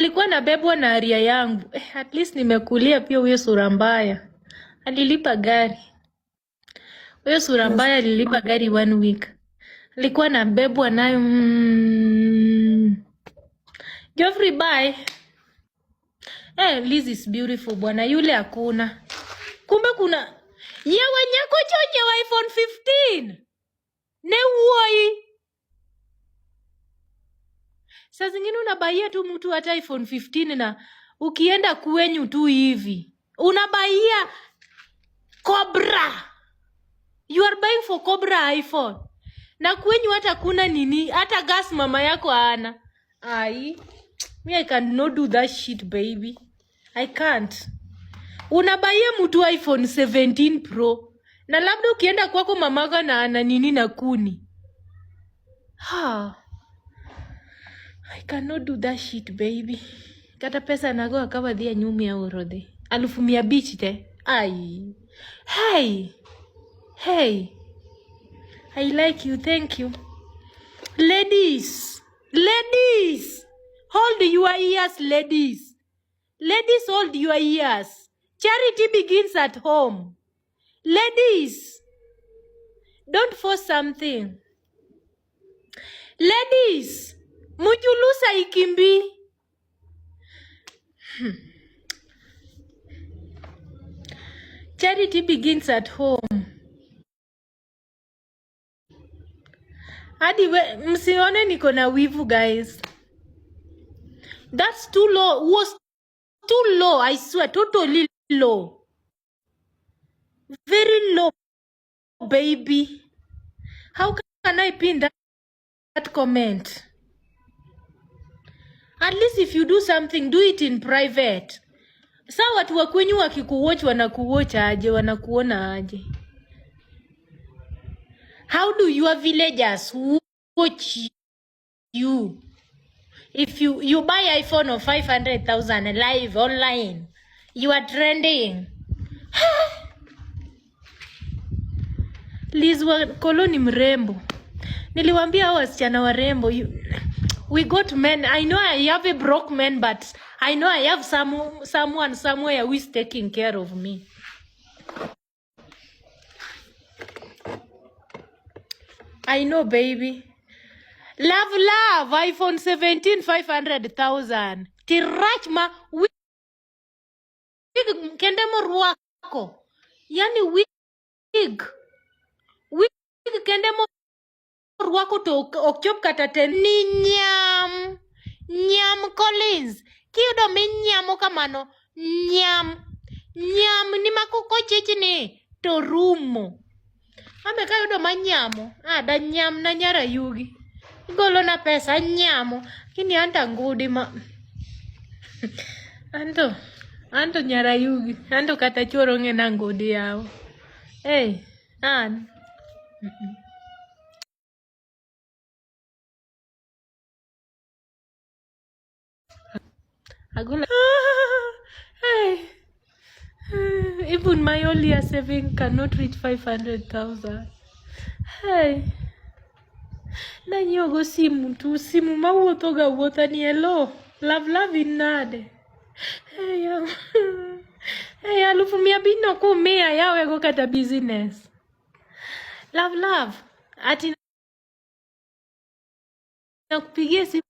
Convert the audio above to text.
alikuwa nabebwa na aria yangu. Eh, at least nimekulia pia huyo sura mbaya. Alilipa gari. Huyo sura mbaya alilipa gari one week. na nabebwa nayo. Mm. Geoffrey bye. Eh, Liz is beautiful bwana, yule hakuna. Kumbe kuna yewe nyako choche wa iPhone 15. Ne uoi. Saa zingine unabaia tu mtu hata iPhone 15 na ukienda kwenyu tu hivi unabaia Cobra. You are buying for Cobra iPhone na kwenyu hata kuna nini, hata gas mama yako ana ai. Me I cannot do that shit baby, I can't. Unabaia mtu iPhone 17 Pro na labda ukienda kwako mamako na ana nini na kuni ha. I cannot do that shit baby. Kata pesa nago kama dhia nyumi ya urode alufu mia bichi te ai hey hey I like you thank you ladies ladies hold your ears ladies ladies hold your ears charity begins at home ladies don't force something ladies mujulusa ikimbi hmm. Charity begins at home. Hadi we msione niko na wivu guys. That's too low. Was too low, I swear, totally low. Very low, baby. How can I pin that comment? At least if you do something, do it in private. Saa watu wa kwenyu wakikuwatch wanakuwatch aje? Wanakuona aje? How do your villagers watch you? If you you buy iPhone of 500,000 live online, you are trending. Liz wa koloni mrembo. niliwambia hao wasichana warembo you... we got men. I know I have a broke man, but I know I have some someone somewhere who is taking care of me. I know, baby. Love, love. iPhone 17, 500,000. Tirachma. Wig. Kende morwako. Yani wig. Wig. Kende mo orwako to ok chop kata te ni nyam nyam collins kiyudo minyamo kamano nyam nyam ni makokochichni to rumo ambe kayudo manyamo ada nyam na nyarayugi igolona pesa anyamo kini anto angudi ma anto anto nyarayugi anto kata chworo ng'e nangudi yawo e an Agula. hey. Even my only year saving cannot reach 500,000. Hey. Na nyogo simu tu simu mawuothoga wuotha ni elo love love nade hey, um, hey, alufu mia mbili noku mia yawego kata business love love ati nakupigia simu